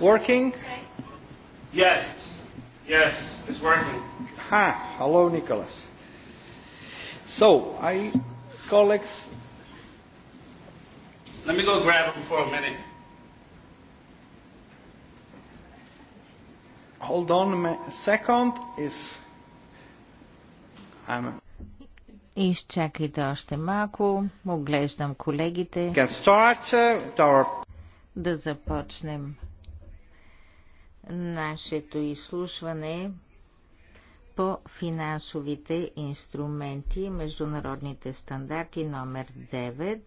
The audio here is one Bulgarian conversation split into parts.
Working? Yes. Yes, it's working. Ha. Hello, Nicholas. So, I, colleagues. Let me go grab him for a minute. Hold on a second. Is I'm. Изчакайте още малко. Оглеждам колегите. Can start our да започнем нашето изслушване по финансовите инструменти и международните стандарти номер 9.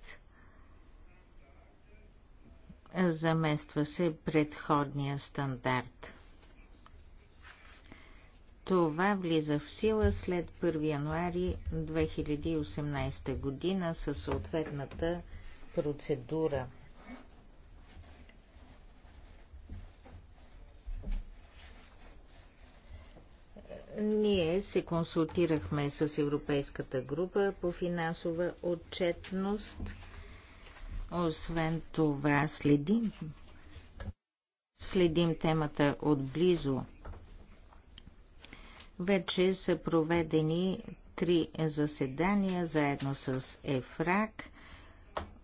Замества се предходния стандарт. Това влиза в сила след 1 януари 2018 година със съответната процедура Ние се консултирахме с Европейската група по финансова отчетност. Освен това следим, следим темата отблизо. Вече са проведени три заседания заедно с ЕФРАК.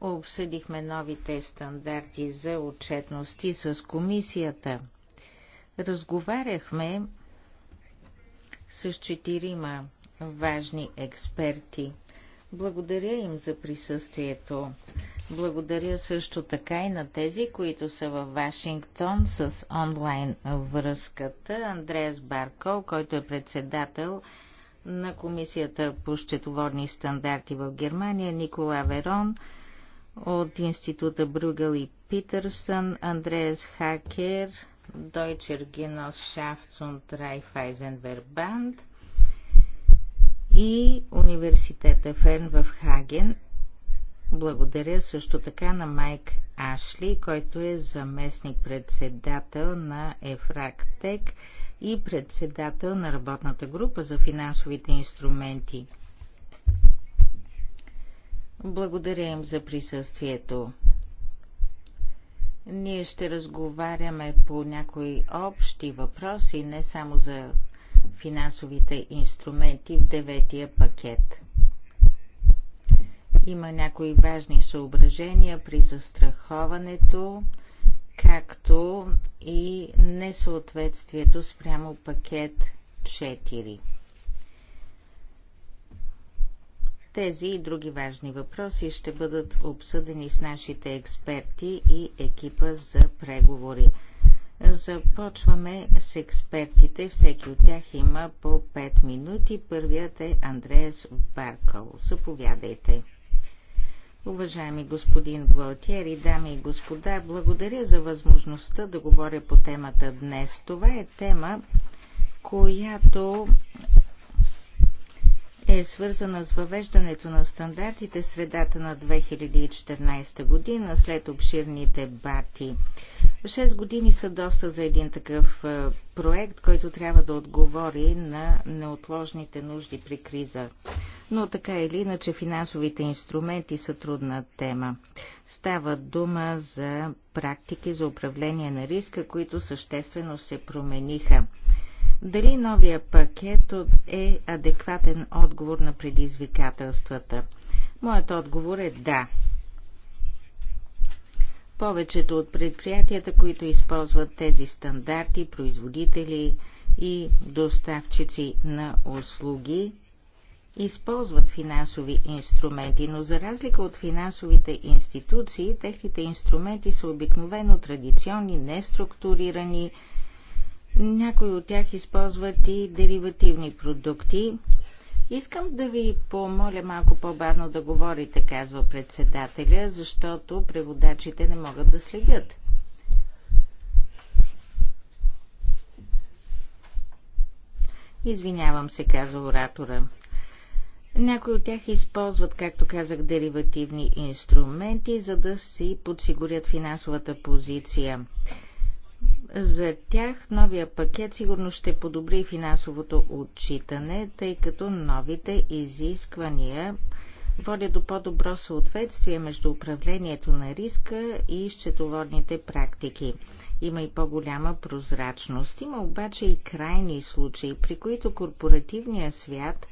Обсъдихме новите стандарти за отчетности с комисията. Разговаряхме с четирима важни експерти. Благодаря им за присъствието. Благодаря също така и на тези, които са във Вашингтон с онлайн връзката. Андреас Барко, който е председател на Комисията по счетоводни стандарти в Германия, Никола Верон от Института Бругел и Питърсън, Андреас Хакер Deutscher Genossenschaft und Raiffeisen и университета Ферн в Хаген. Благодаря също така на Майк Ашли, който е заместник-председател на Ефрактек и председател на работната група за финансовите инструменти. Благодаря им за присъствието. Ние ще разговаряме по някои общи въпроси, не само за финансовите инструменти в деветия пакет. Има някои важни съображения при застраховането, както и несъответствието спрямо пакет 4. Тези и други важни въпроси ще бъдат обсъдени с нашите експерти и екипа за преговори. Започваме с експертите. Всеки от тях има по 5 минути. Първият е Андреас Баркал. Заповядайте. Уважаеми господин и дами и господа, благодаря за възможността да говоря по темата днес. Това е тема, която е свързана с въвеждането на стандартите в средата на 2014 година след обширни дебати. Шест години са доста за един такъв е, проект, който трябва да отговори на неотложните нужди при криза. Но така или иначе финансовите инструменти са трудна тема. Става дума за практики за управление на риска, които съществено се промениха – дали новия пакет е адекватен отговор на предизвикателствата? Моят отговор е да. Повечето от предприятията, които използват тези стандарти, производители и доставчици на услуги, използват финансови инструменти, но за разлика от финансовите институции, техните инструменти са обикновено традиционни, неструктурирани, структурирани някои от тях използват и деривативни продукти. Искам да ви помоля малко по-бавно да говорите, казва председателя, защото преводачите не могат да следят. Извинявам се, казва оратора. Някои от тях използват, както казах, деривативни инструменти, за да си подсигурят финансовата позиция. За тях новия пакет сигурно ще подобри финансовото отчитане, тъй като новите изисквания водят до по-добро съответствие между управлението на риска и счетоводните практики. Има и по-голяма прозрачност. Има обаче и крайни случаи, при които корпоративният свят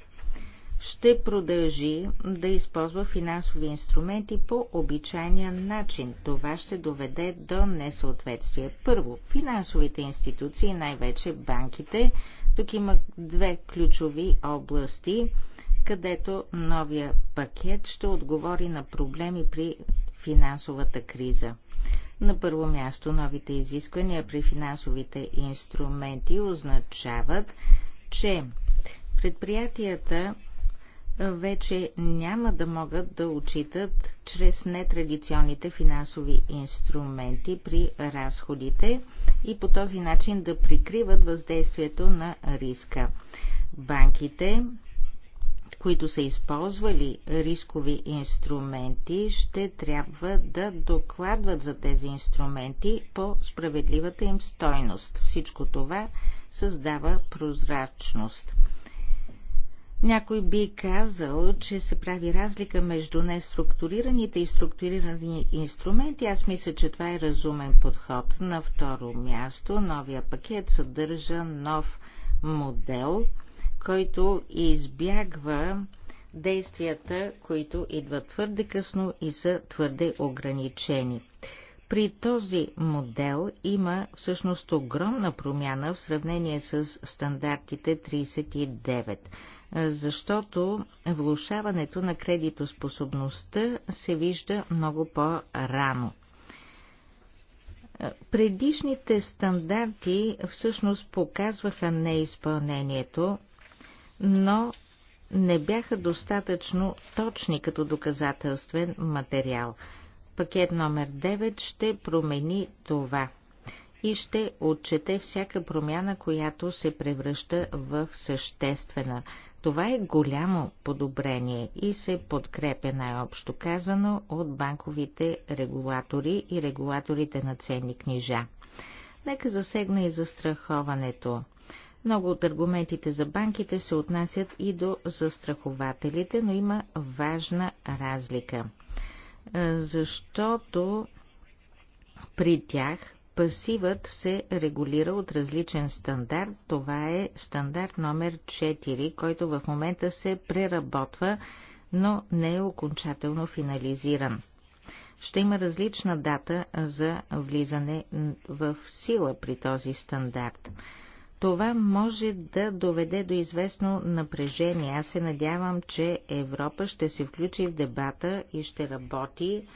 ще продължи да използва финансови инструменти по обичайния начин. Това ще доведе до несъответствие. Първо, финансовите институции, най-вече банките, тук има две ключови области, където новия пакет ще отговори на проблеми при финансовата криза. На първо място, новите изисквания при финансовите инструменти означават, че предприятията вече няма да могат да отчитат чрез нетрадиционните финансови инструменти при разходите и по този начин да прикриват въздействието на риска. Банките, които са използвали рискови инструменти, ще трябва да докладват за тези инструменти по справедливата им стойност. Всичко това създава прозрачност. Някой би казал, че се прави разлика между неструктурираните и структурирани инструменти. Аз мисля, че това е разумен подход. На второ място, новия пакет съдържа нов модел, който избягва действията, които идват твърде късно и са твърде ограничени. При този модел има всъщност огромна промяна в сравнение с стандартите 39 защото влушаването на кредитоспособността се вижда много по-рано. Предишните стандарти всъщност показваха неизпълнението, но не бяха достатъчно точни като доказателствен материал. Пакет номер 9 ще промени това и ще отчете всяка промяна, която се превръща в съществена. Това е голямо подобрение и се подкрепя най-общо казано от банковите регулатори и регулаторите на ценни книжа. Нека засегна и застраховането. Много от аргументите за банките се отнасят и до застрахователите, но има важна разлика. Е, защото при тях Пасивът се регулира от различен стандарт. Това е стандарт номер 4, който в момента се преработва, но не е окончателно финализиран. Ще има различна дата за влизане в сила при този стандарт. Това може да доведе до известно напрежение. Аз се надявам, че Европа ще се включи в дебата и ще работи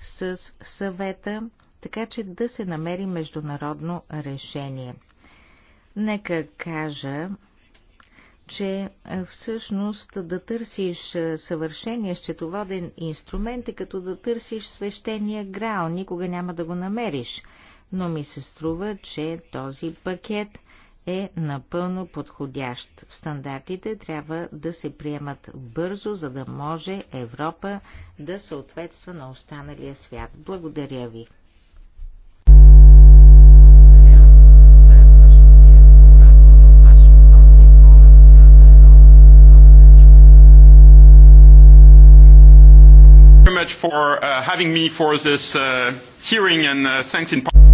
с съвета така че да се намери международно решение. Нека кажа, че всъщност да търсиш съвършения счетоводен инструмент е като да търсиш свещения грал, никога няма да го намериш. Но ми се струва, че този пакет е напълно подходящ. Стандартите трябва да се приемат бързо, за да може Европа да съответства на останалия свят. Благодаря ви. for uh, having me for this uh, hearing and uh, thanks in part.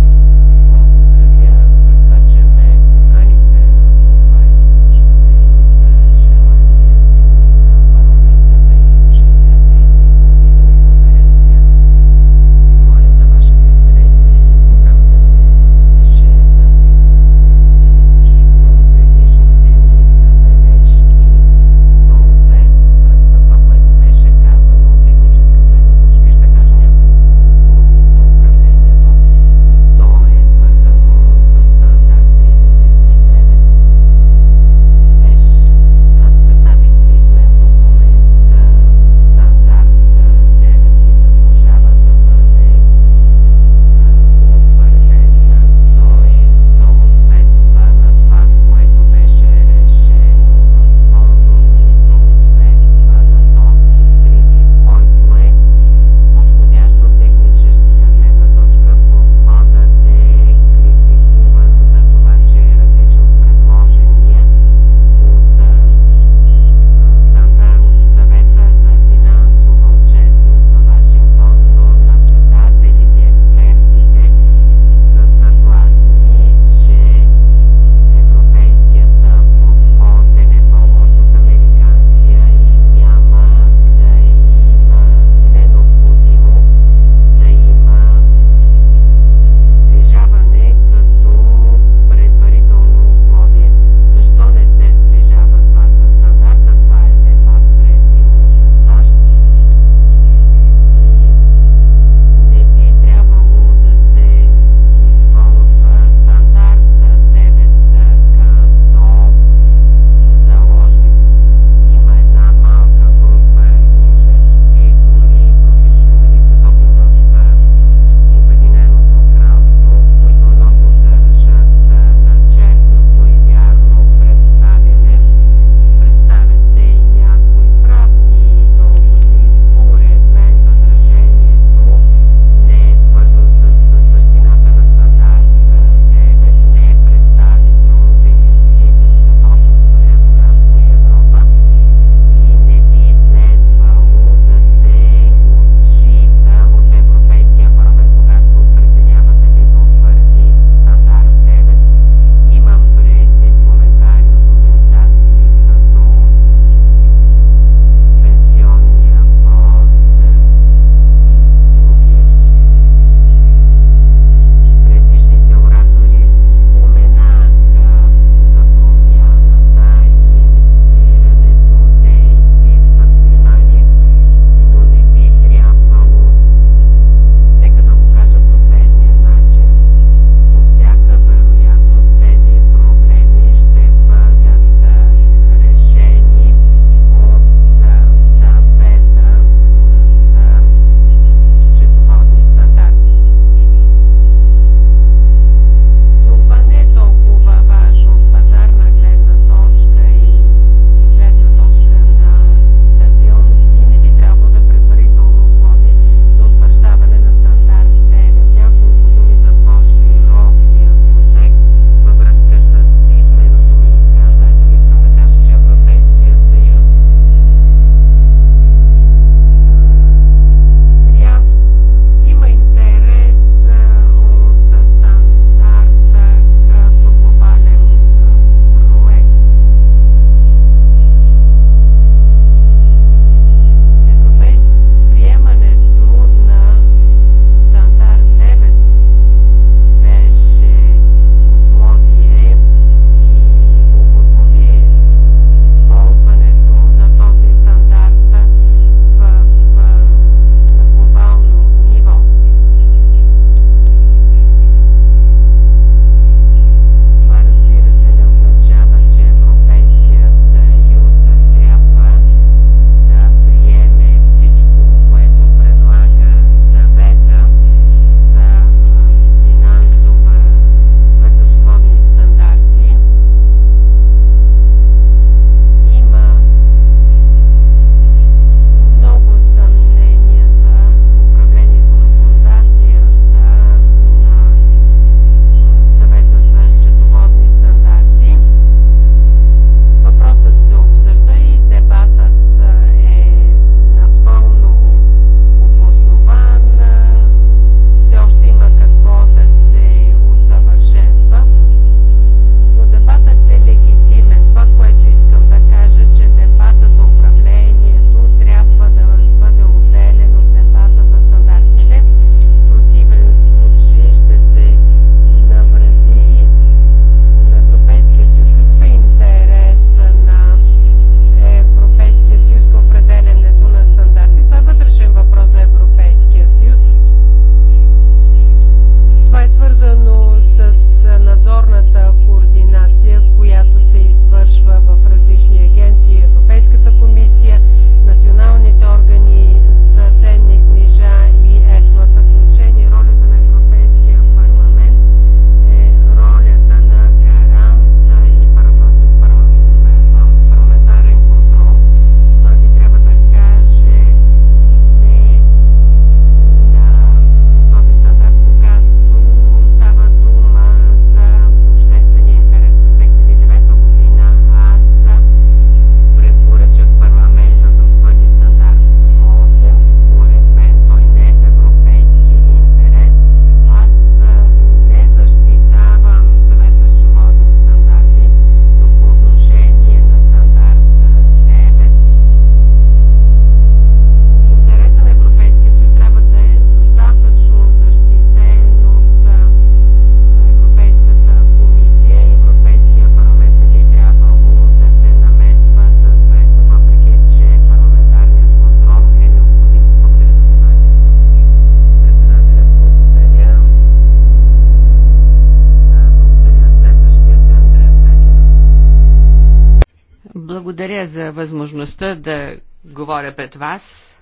възможността да говоря пред вас.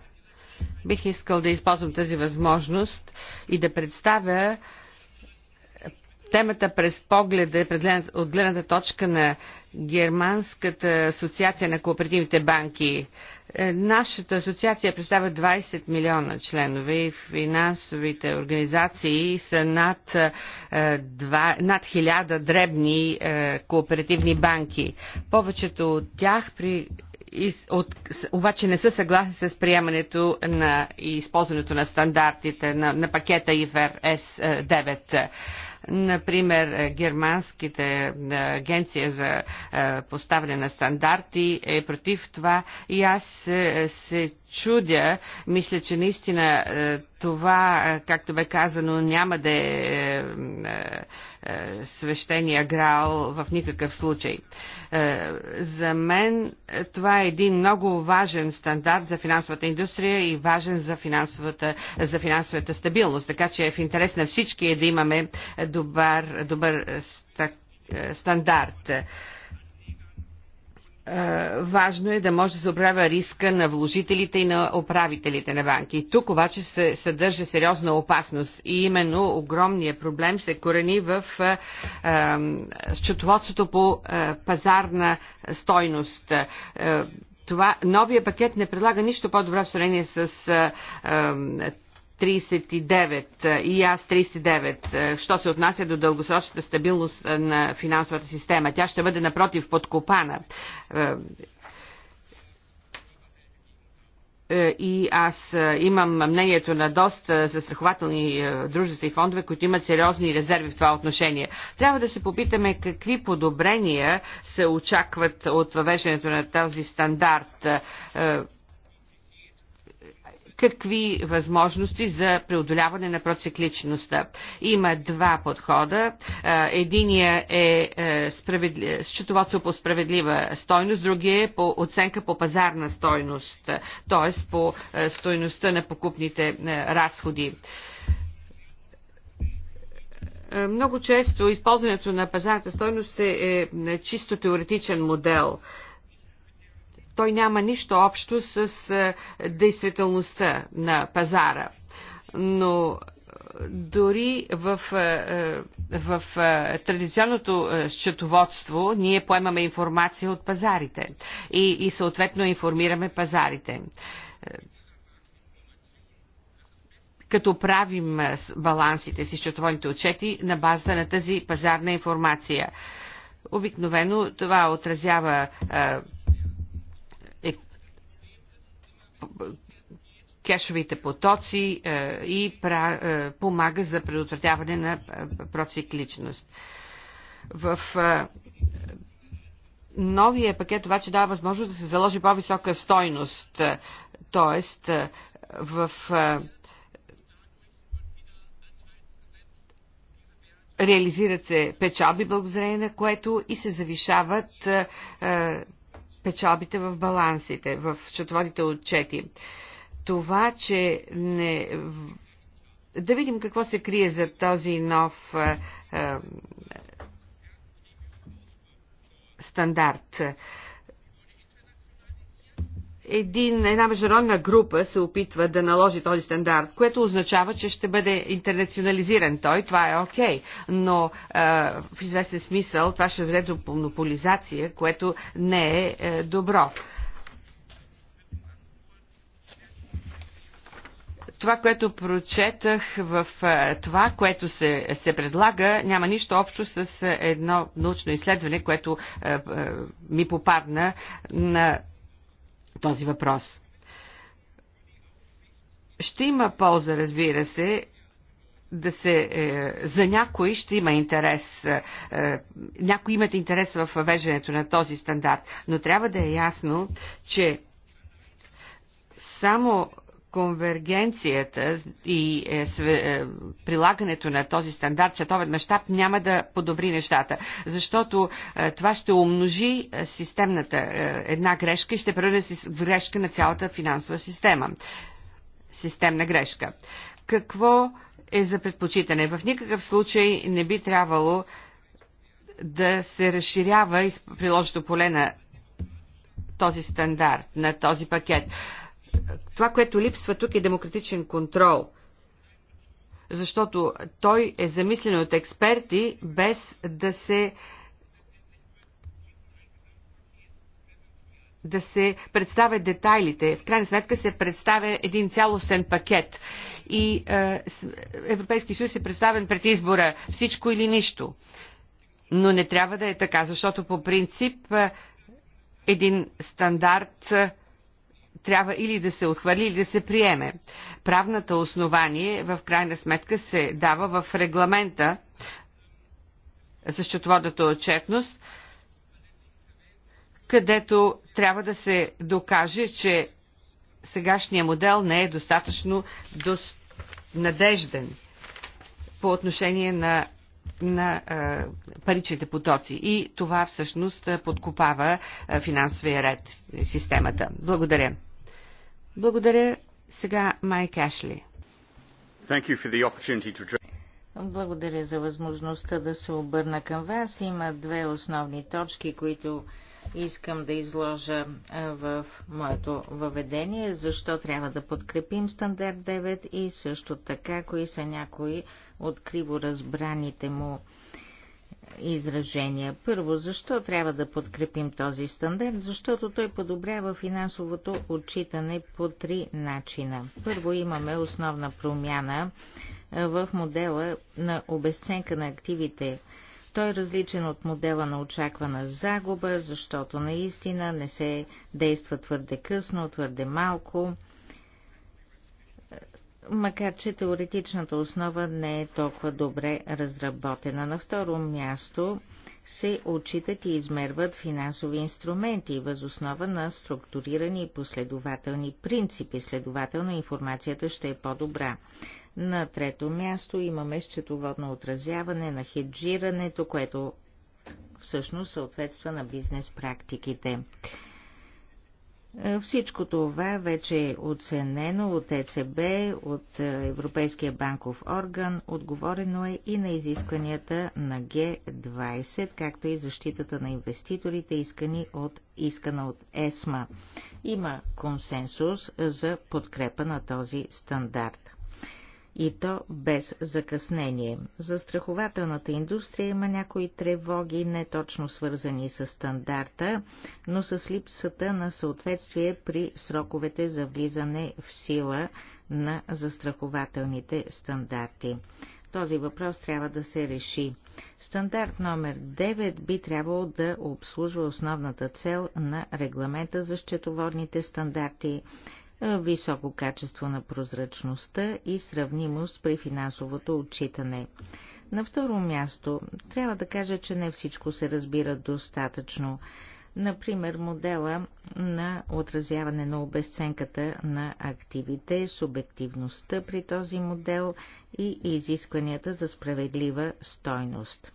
Бих искал да използвам тази възможност и да представя темата през погледа от гледната точка на Германската асоциация на кооперативните банки. Е, нашата асоциация представя 20 милиона членове и финансовите организации са над, е, над 1000 дребни е, кооперативни банки. Повечето от тях при от, обаче не са съгласни с приемането на и използването на стандартите на, на пакета с 9. Например, е, германските е, агенция за е, поставяне на стандарти е против това и аз се, чудя. Мисля, че наистина това, както бе казано, няма да е свещения грал в никакъв случай. За мен това е един много важен стандарт за финансовата индустрия и важен за финансовата, за финансовата стабилност. Така че е в интерес на всички е да имаме до добър, добър е, стандарт. Е, важно е да може да се оправя риска на вложителите и на управителите на банки. Тук обаче се съдържа сериозна опасност и именно огромният проблем се корени в е, счетоводството по пазарна стойност това новия пакет не предлага нищо по-добро в сравнение с а, а, 39 е, и аз 39, е, що се отнася до дългосрочната стабилност е, на финансовата система. Тя ще бъде напротив подкопана. И аз имам мнението на доста застрахователни дружества и фондове, които имат сериозни резерви в това отношение. Трябва да се попитаме какви подобрения се очакват от въвеждането на този стандарт какви възможности за преодоляване на процикличността. Има два подхода. Е, единия е, е счетоводство по справедлива стойност, другия е по оценка по пазарна стойност, т.е. по е, стойността на покупните разходи много често използването на пазарната стойност е, чисто теоретичен модел той няма нищо общо с е, действителността на пазара. Но е, дори в, е, в, в традиционното счетоводство ние поемаме информация от пазарите и, и съответно информираме пазарите. Като правим балансите си, счетоводните отчети на базата на тази пазарна информация. Обикновено това отразява кешовите потоци е, и е, помага за предотвратяване на е, процикличност. В новия пакет обаче дава възможност да се заложи по-висока стойност, т.е. в реализират се печалби благодарение на което и се завишават печалбите в балансите, в счетоводите отчети. Това, че не да видим какво се крие за този нов е, е, стандарт един, една международна група се опитва да наложи този стандарт, което означава, че ще бъде интернационализиран той, това е окей, okay. но е, в известен смисъл това ще вреде до монополизация, което не е, е добро. това, което прочетах в е, това, което се, се предлага, няма нищо общо с е, едно научно изследване, което е, е, ми попадна на този въпрос. Ще има полза, разбира се, да се, е, за някои ще има интерес, е, е, някои имат интерес в въвеждането на този стандарт, но трябва да е ясно, че само конвергенцията и е, е, прилагането на този стандарт в световен мащаб няма да подобри нещата, защото е, това ще умножи системната една грешка и ще превърне грешка на цялата финансова система. Системна грешка. Какво е за предпочитане? В никакъв случай не би трябвало да се разширява приложното поле на този стандарт, на този пакет това, което липсва тук е демократичен контрол, защото той е замислен от експерти, без да се да се представя детайлите. В крайна сметка се представя един цялостен пакет. И е, Европейски съюз е представен пред избора всичко или нищо. Но не трябва да е така, защото по принцип е, един стандарт е, трябва или да се отхвърли, или да се приеме. Правната основание в крайна сметка се дава в регламента за счетоводната отчетност, където трябва да се докаже, че сегашният модел не е достатъчно дос... надежден по отношение на, на а, паричните потоци. И това всъщност подкопава финансовия ред, системата. Благодаря. Благодаря сега Майк Ашли. Благодаря за възможността да се обърна към вас. Има две основни точки, които искам да изложа в моето въведение, защо трябва да подкрепим стандарт 9 и също така, кои са някои от криво разбраните му изражения. Първо, защо трябва да подкрепим този стандарт? Защото той подобрява финансовото отчитане по три начина. Първо, имаме основна промяна в модела на обесценка на активите. Той е различен от модела на очаквана загуба, защото наистина не се действа твърде късно, твърде малко макар че теоретичната основа не е толкова добре разработена. На второ място се отчитат и измерват финансови инструменти възоснова на структурирани и последователни принципи, следователно информацията ще е по-добра. На трето място имаме счетоводно отразяване на хеджирането, което всъщност съответства на бизнес практиките. Е, всичко това вече е оценено от ЕЦБ, от е, Европейския банков орган, отговорено е и на изискванията на Г20, както и защитата на инвеститорите, искани от, искана от ЕСМА. Има консенсус за подкрепа на този стандарт и то без закъснение. Застрахователната индустрия има някои тревоги, не точно свързани с стандарта, но с липсата на съответствие при сроковете за влизане в сила на застрахователните стандарти. Този въпрос трябва да се реши. Стандарт номер 9 би трябвало да обслужва основната цел на регламента за счетоводните стандарти, високо качество на прозрачността и сравнимост при финансовото отчитане. На второ място, трябва да кажа, че не всичко се разбира достатъчно. Например, модела на отразяване на обесценката на активите, субективността при този модел и изискванията за справедлива стойност.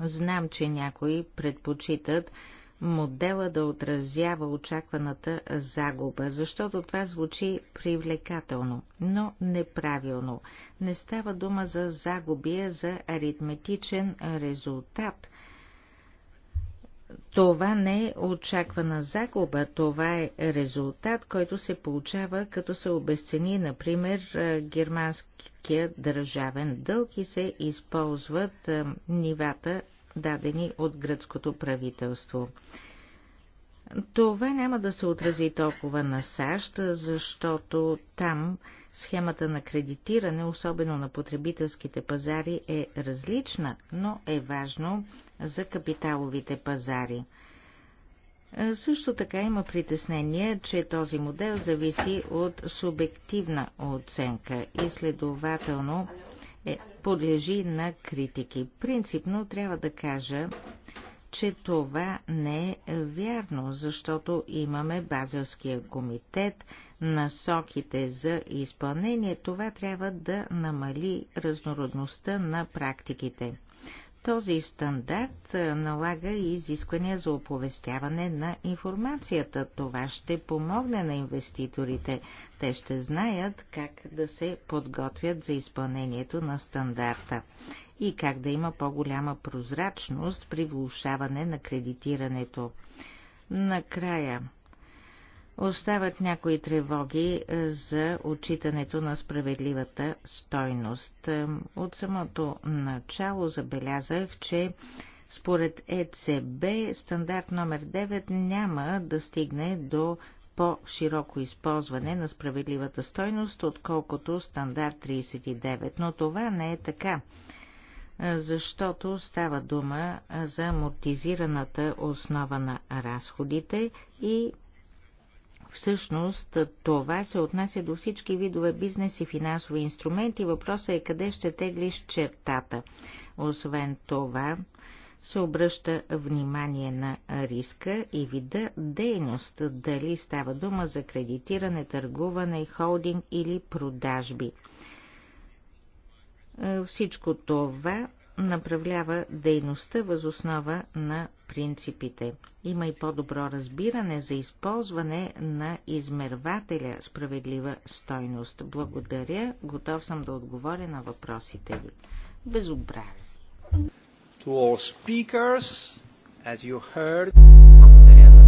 Знам, че някои предпочитат модела да отразява очакваната загуба, защото това звучи привлекателно, но неправилно. Не става дума за загуби, а за аритметичен резултат. Това не е очаквана загуба, това е резултат, който се получава, като се обесцени, например, германския държавен дълг и се използват нивата дадени от гръцкото правителство. Това няма да се отрази толкова на САЩ, защото там схемата на кредитиране, особено на потребителските пазари, е различна, но е важно за капиталовите пазари. Също така има притеснение, че този модел зависи от субективна оценка и следователно е, подлежи на критики. Принципно трябва да кажа, че това не е вярно, защото имаме Базелския комитет, насоките за изпълнение. Това трябва да намали разнородността на практиките. Този стандарт налага и изисквания за оповестяване на информацията. Това ще помогне на инвеститорите. Те ще знаят как да се подготвят за изпълнението на стандарта и как да има по-голяма прозрачност при влушаване на кредитирането. Накрая, Остават някои тревоги е, за отчитането на справедливата стойност. Е, от самото начало забелязах, че според ЕЦБ стандарт номер 9 няма да стигне до по-широко използване на справедливата стойност, отколкото стандарт 39. Но това не е така, е, защото става дума за амортизираната основа на разходите и Всъщност това се отнася до всички видове бизнес и финансови инструменти. Въпросът е къде ще теглиш чертата. Освен това, се обръща внимание на риска и вида дейност, дали става дума за кредитиране, търгуване, холдинг или продажби. Всичко това направлява дейността възоснова на принципите. Има и по-добро разбиране за използване на измервателя справедлива стойност. Благодаря, готов съм да отговоря на въпросите ви. Безобразие. To all speakers, as you heard... Благодаря на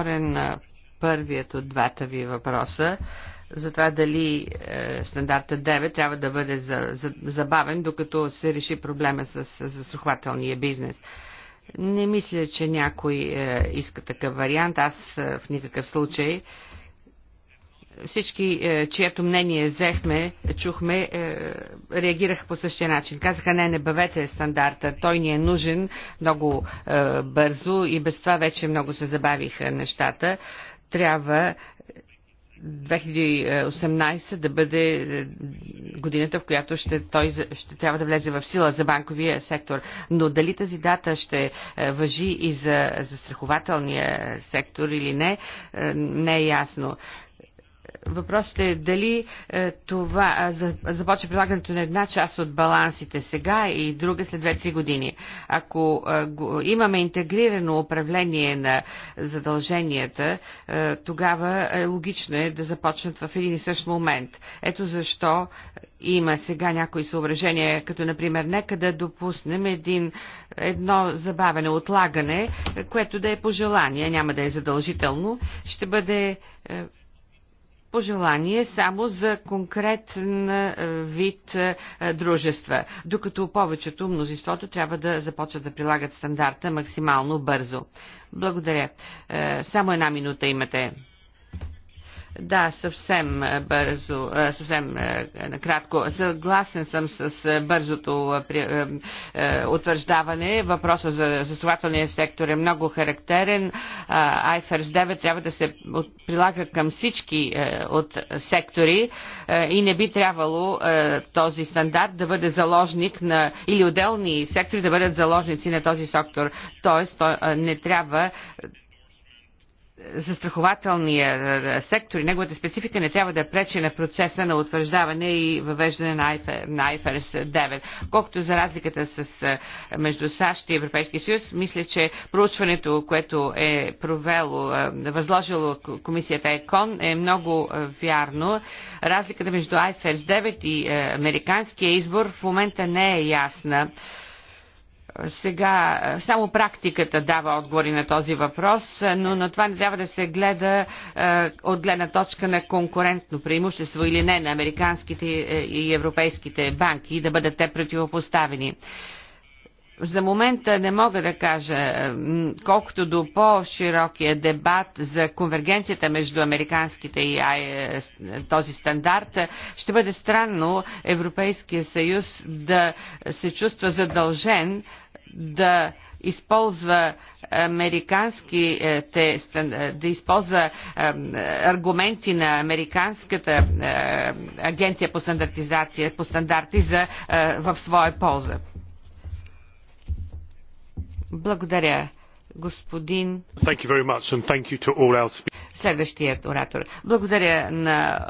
отговоря на първият от двата ви въпроса за това дали е, стандарта 9 трябва да бъде за, за, забавен, докато се реши проблема с засухвателния бизнес. Не мисля, че някой е, иска такъв вариант. Аз е, в никакъв случай. Е, всички, е, чието мнение взехме, чухме, е, реагираха по същия начин. Казаха, не, не бавете стандарта, той ни е нужен много е, бързо и без това вече много се забавиха нещата. Трябва 2018 да бъде годината, в която ще, той ще трябва да влезе в сила за банковия сектор. Но дали тази дата ще въжи и за застрахователния сектор или не, не е ясно. Въпросът е дали е, това започва прилагането на една част от балансите сега и друга след 2-3 години. Ако е, имаме интегрирано управление на задълженията, е, тогава логично е да започнат в един и същ момент. Ето защо има сега някои съображения, като например нека да допуснем един, едно забавене, отлагане, което да е пожелание, няма да е задължително, ще бъде пожелание само за конкретен е, вид е, дружества, докато повечето, мнозинството трябва да започват да прилагат стандарта максимално бързо. Благодаря. Е, само една минута имате. Да, съвсем е, бързо, е, съвсем е, накратко. Съгласен съм с бързото утвърждаване. Въпроса за заснователния сектор е много характерен. IFRS 9 трябва да се прилага към всички от сектори и не би трябвало този стандарт да бъде заложник на или отделни сектори да бъдат заложници на този сектор. Тоест, не трябва застрахователния е, е, сектор и неговата специфика не трябва да пречи на процеса на утвърждаване и въвеждане на, IFR, на IFRS 9. Е Колкото за разликата с, между САЩ и Европейския съюз, мисля, че проучването, което е провело, възложило комисията ЕКОН е много вярно. Разликата между IFRS 9 и американския избор в момента не е ясна. Сега само практиката дава отговори на този въпрос, но на това не трябва да се гледа от гледна точка на конкурентно преимущество или не на американските и европейските банки и да бъдат те противопоставени. За момента не мога да кажа, колкото до по-широкия дебат за конвергенцията между американските и е, този стандарт, ще бъде странно Европейския съюз да се чувства задължен да използва американските, е, да използва е, аргументи на Американската агенция по стандартизация, по стандарти за, в своя полза. Благодаря, господин. Следващият оратор. Благодаря на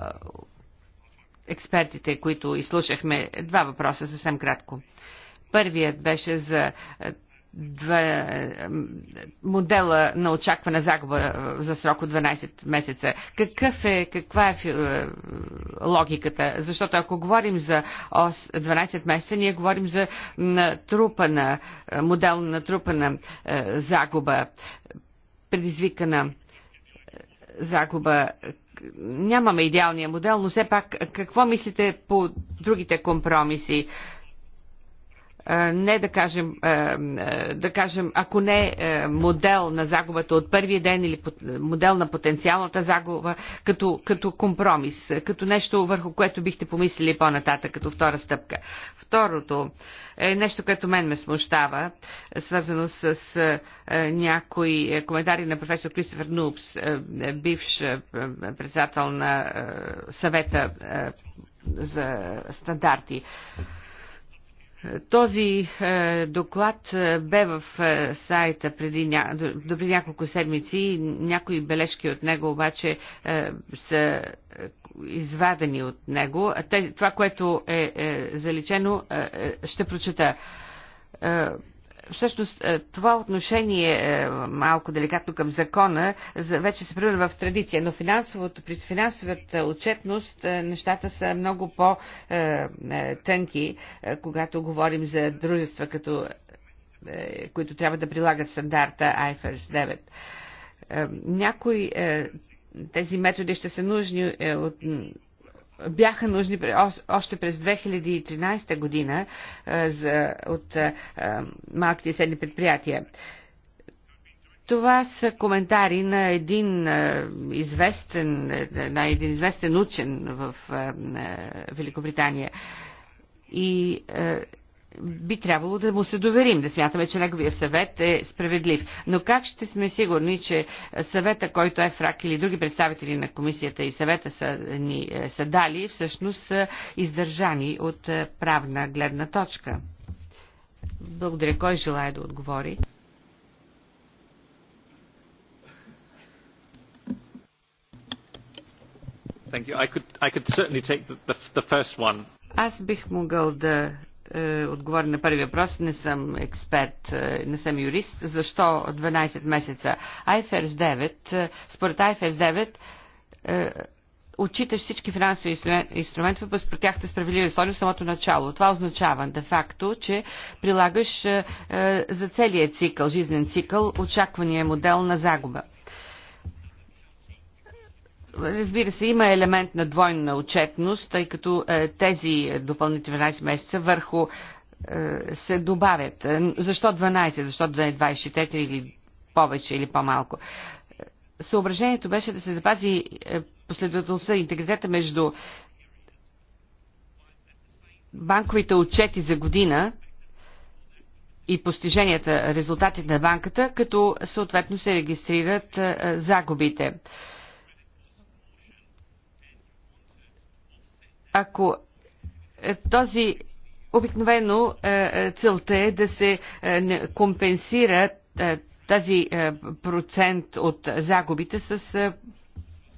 експертите, които изслушахме. Два въпроса съвсем кратко. Първият беше за две, модела на очаквана загуба е, за срок от 12 месеца. Какъв е, каква е, е логиката? Защото ако говорим за 12 месеца, ние говорим за натрупана, е, модел на натрупана загуба, предизвикана загуба нямаме идеалния модел, но все пак какво мислите по другите компромиси? не да кажем, да кажем, ако не модел на загубата от първия ден или модел на потенциалната загуба, като, като компромис, като нещо върху което бихте помислили по-нататък, като втора стъпка. Второто е нещо, което мен ме смущава, свързано с някои е, коментари на професор Кристофер Нупс, е, е, бивш председател на съвета за стандарти. Този е, доклад е, бе в е, сайта преди, ня... до, няколко седмици. Някои бележки от него обаче е, са извадени от него. Тези, това, което е, е заличено, е, е ще прочета. Е, всъщност е, това отношение, е, е, малко деликатно към закона, вече се превърна в традиция, но финансовото, при финансовата отчетност нещата са много по-тънки, когато говорим за дружества, като, които трябва да прилагат стандарта IFRS 9. Някои тези методи ще са нужни от бяха нужни още през 2013 година за, от малките и средни предприятия. Това са коментари на един известен, на един известен учен в Великобритания. И би трябвало да му се доверим, да смятаме, че неговия съвет е справедлив. Но как ще сме сигурни, че съвета, който е фрак или други представители на комисията и съвета са, ни, е, са дали, всъщност са издържани от е, правна гледна точка? Благодаря. Кой желая да отговори? Thank you. I could, I could certainly take the, the, the first one. Аз бих могъл да е, отговори на първи въпрос, не съм експерт, е, не съм юрист, защо 12 месеца? IFRS 9, е, според IFRS 9, е, отчиташ всички финансови инструменти според тяхте справедливи условия в самото начало. Това означава де-факто, че прилагаш е, е, за целия цикъл, жизнен цикъл, очаквания модел на загуба. Разбира се, има елемент на двойна отчетност, тъй като е, тези допълнителни 12 месеца върху е, се добавят. Е, защо 12? Защо 24 или повече или по-малко? Съображението беше да се запази последователността и интегритета между банковите отчети за година и постиженията, резултатите на банката, като съответно се регистрират загубите. Ако е, този обикновено е, е, целта е да се компенсира тази процент от загубите с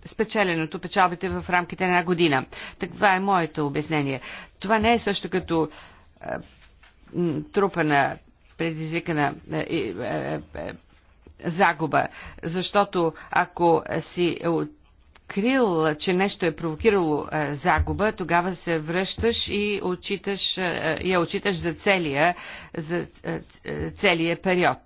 спечеленото печалбите в рамките на една година. Това е моето обяснение. Това не е също като трупа на предизвикана загуба, защото ако си открил, че нещо е провокирало е, загуба, тогава се връщаш и отчиташ, е, е я отчиташ за целия, за е, е, целия период.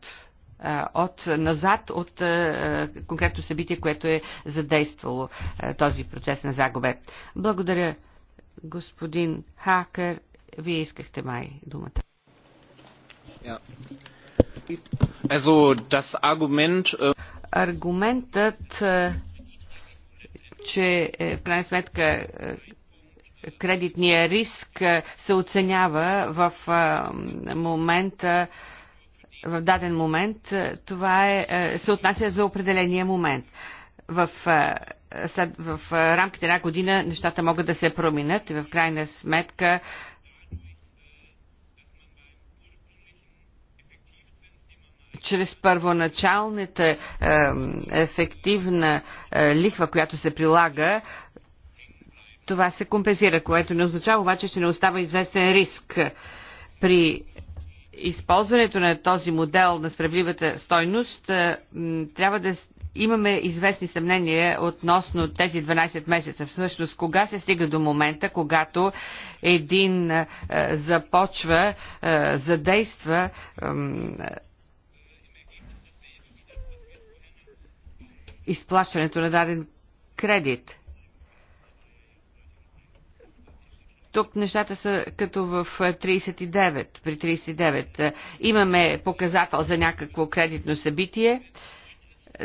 Е, от назад, от е, е, конкретно събитие, което е задействало е, този процес на загубе. Благодаря, господин Хакер. Вие искахте май думата. Yeah. Also, das Argument, äh Аргументът че е, в крайна сметка е, кредитния риск е, се оценява в момента в даден момент, това е, се отнася за определения момент. В, в рамките на една година нещата могат да се променят и в крайна сметка чрез първоначалната е, ефективна е, лихва, която се прилага, това се компенсира, което не означава обаче, че не остава известен риск. При използването на този модел на справедливата стойност е, трябва да имаме известни съмнения относно тези 12 месеца. Всъщност, кога се стига до момента, когато един започва, задейства изплащането на даден кредит. Тук нещата са като в 39, е, при 39. Е, имаме показател за някакво кредитно събитие.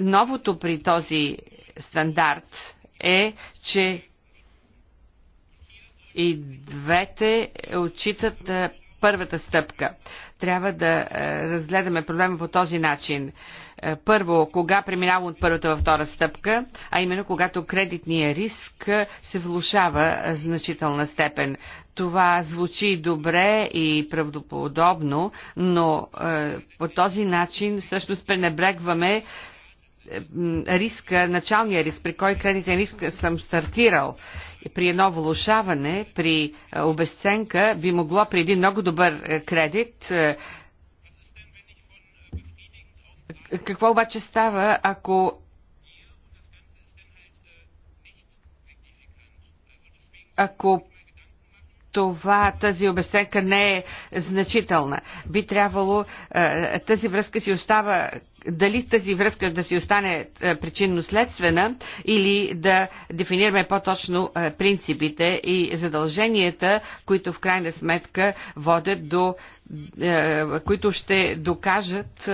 Новото при този стандарт е, че и двете отчитат е, първата стъпка. Трябва да разгледаме проблема по този начин. Е, първо, кога преминава от първата във втора стъпка, а именно когато кредитния риск е, се влушава е, значителна степен. Това звучи добре и правдоподобно, но е, по този начин всъщност пренебрегваме риска, началния риск, при кой кредитен риск съм стартирал при едно влушаване, при обесценка, би могло при един много добър кредит какво обаче става, ако ако това, тази обесценка не е значителна. Би трябвало е, тази връзка си остава дали тази връзка да си остане е, причинно-следствена или да дефинираме по-точно е, принципите и задълженията, които в крайна сметка водят до които ще докажат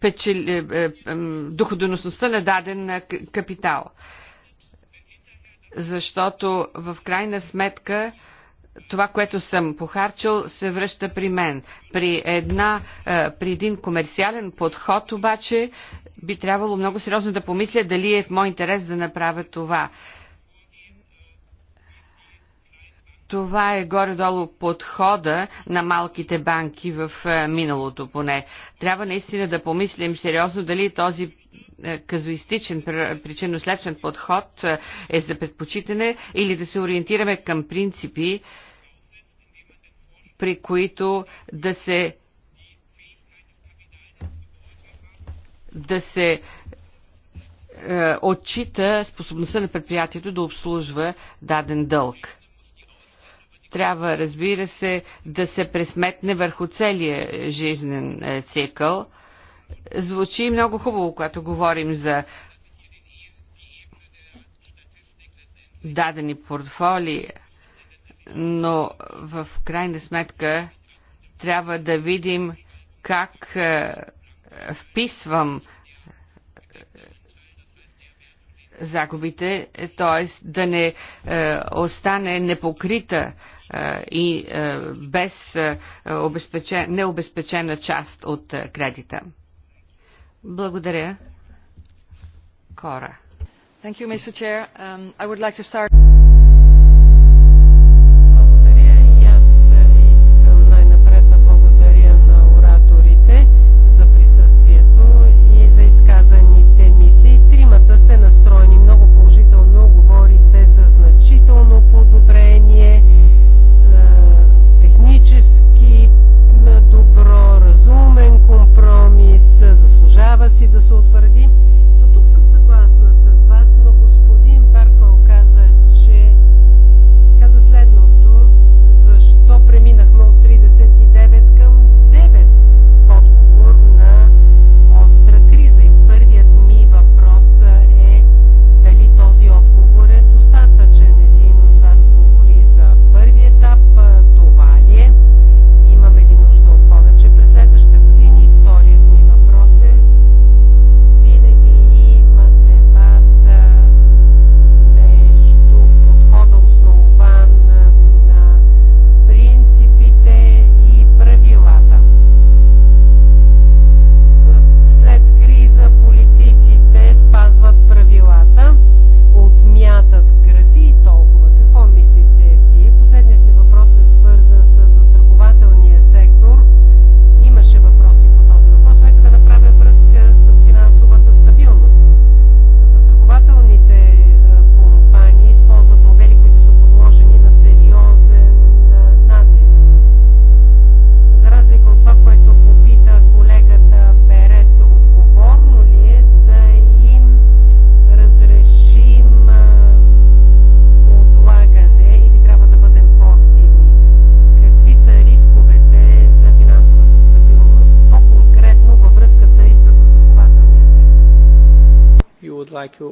печели, е, е, доходоносността на даден е, капитал. Защото в крайна сметка това, което съм похарчил, се връща при мен. При, една, при един комерциален подход обаче би трябвало много сериозно да помисля дали е в мой интерес да направя това. Това е горе-долу подхода на малките банки в е, миналото поне. Трябва наистина да помислим сериозно дали този е, казуистичен причинно-следствен подход е, е за предпочитане или да се ориентираме към принципи, при които да се да се е, отчита способността на предприятието да обслужва даден дълг. Трябва, разбира се, да се пресметне върху целия жизнен е, цикъл. Звучи много хубаво, когато говорим за дадени портфолии, но в крайна сметка трябва да видим как е, вписвам е, загубите, т.е. да не остане непокрита и без необезпечена част от кредита. Благодаря. Кора. Thank you, Mr. Chair. Um, I would like to start...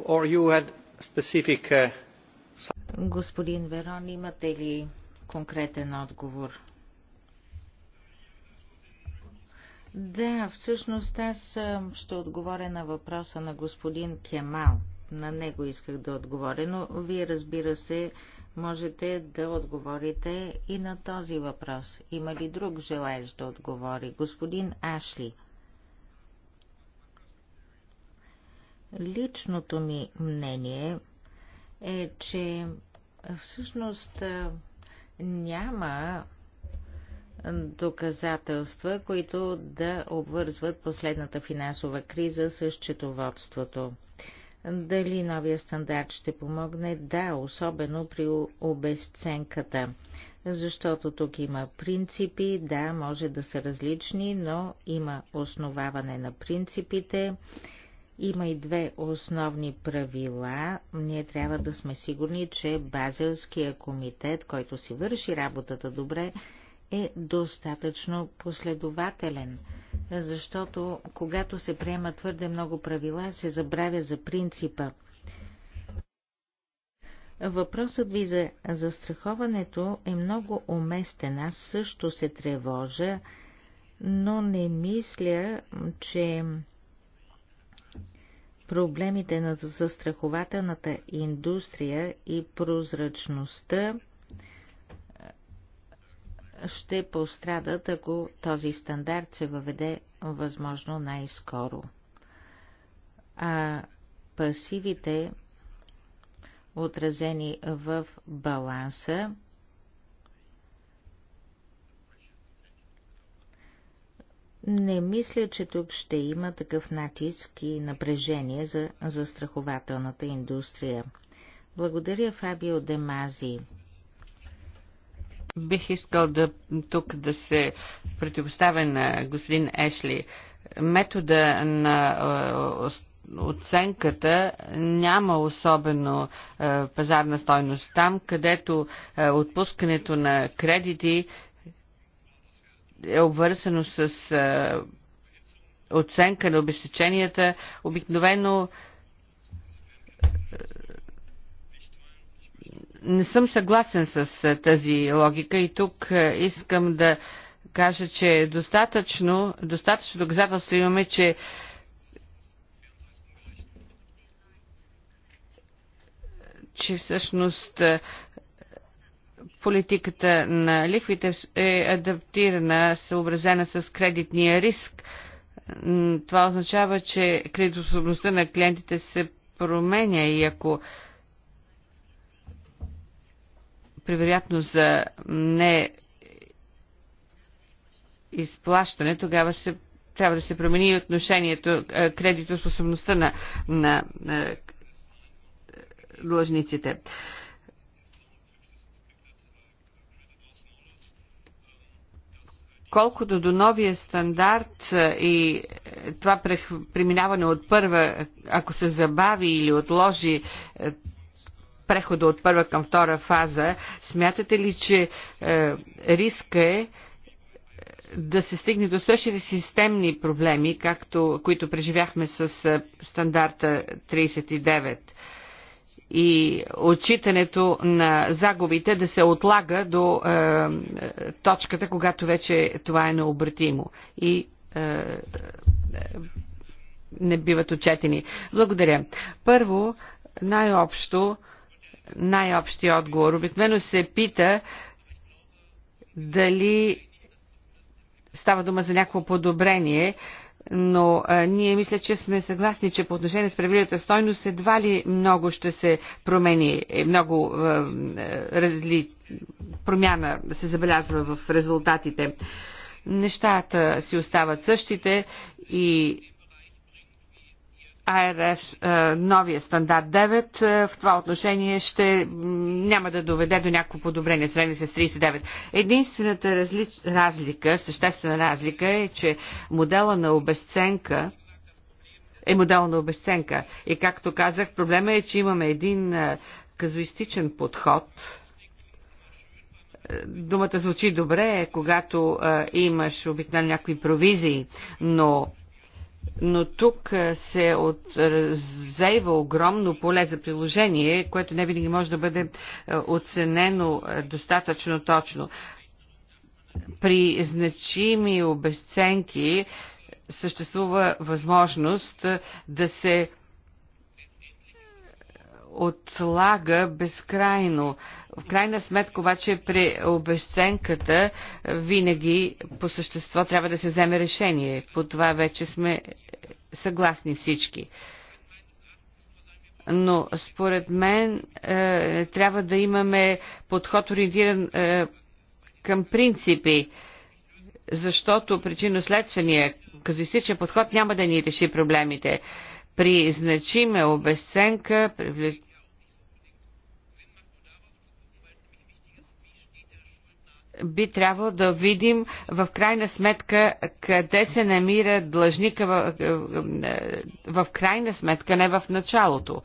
or you had specific... Uh... Господин Верон, имате ли конкретен отговор? Да, всъщност аз ще отговоря на въпроса на господин Кемал. На него исках да отговоря, но вие разбира се можете да отговорите и на този въпрос. Има ли друг желаещ да отговори? Господин Ашли. Личното ми мнение е, че всъщност няма доказателства, които да обвързват последната финансова криза с счетоводството. Дали новия стандарт ще помогне? Да, особено при обесценката. Защото тук има принципи, да, може да са различни, но има основаване на принципите има и две основни правила. Ние трябва да сме сигурни, че Базелския комитет, който си върши работата добре, е достатъчно последователен, защото когато се приема твърде много правила, се забравя за принципа. Въпросът ви за застраховането е много уместен. Аз също се тревожа, но не мисля, че проблемите на застрахователната индустрия и прозрачността е, ще пострадат, ако този стандарт се въведе възможно най-скоро. А пасивите, отразени в баланса, Не мисля, че тук ще има такъв натиск и напрежение за застрахователната индустрия. Благодаря, Фабио Демази. Бих искал да, тук да се противоставя на господин Ешли. Метода на оценката няма особено пазарна стойност. Там, където отпускането на кредити е обвързано с оценка на обезпеченията, обикновено не съм съгласен с тази логика и тук искам да кажа, че достатъчно, достатъчно доказателство имаме, че че всъщност политиката на лихвите е адаптирана, съобразена с кредитния риск. Това означава, че кредитоспособността на клиентите се променя и ако при вероятност за не изплащане, тогава се, трябва да се промени отношението, е, кредитоспособността на, на, на е, длъжниците. Колкото до новия стандарт е, и това преминаване от първа, ако се забави или отложи е, прехода от първа към втора фаза, смятате ли, че е, риска е да се стигне до същите системни проблеми, както, които преживяхме с е, стандарта 39? и отчитането на загубите да се отлага до е, точката, когато вече това е необратимо и е, не биват отчетени. Благодаря. Първо, най-общо, най-общия отговор. Обикновено се пита дали става дума за някакво подобрение но а, ние мисля, че сме съгласни, че по отношение на справедливата стойност едва ли много ще се промени, е, много а, разли, промяна се забелязва в резултатите. Нещата си остават същите и Арф е, новия стандарт 9 е, в това отношение ще няма да доведе до някакво подобрение, сравнение с 39. Единствената разли... разлика, съществена разлика е, че модела на обесценка е модел на обесценка. И както казах, проблема е, че имаме един е, казуистичен подход. Думата звучи добре, когато имаш обикновено някакви провизии, но но тук се отзаива огромно поле за приложение, което не винаги може да бъде оценено достатъчно точно. При значими обесценки съществува възможност да се отлага безкрайно. В крайна сметка обаче при обесценката винаги по същество трябва да се вземе решение. По това вече сме съгласни всички. Но според мен е, трябва да имаме подход ориентиран е, към принципи, защото причинно-следствения казуистичен подход няма да ни реши проблемите. Е, при значима обесценка, при би трябвало да видим в крайна сметка къде се намира длъжника в, в крайна сметка, не в началото.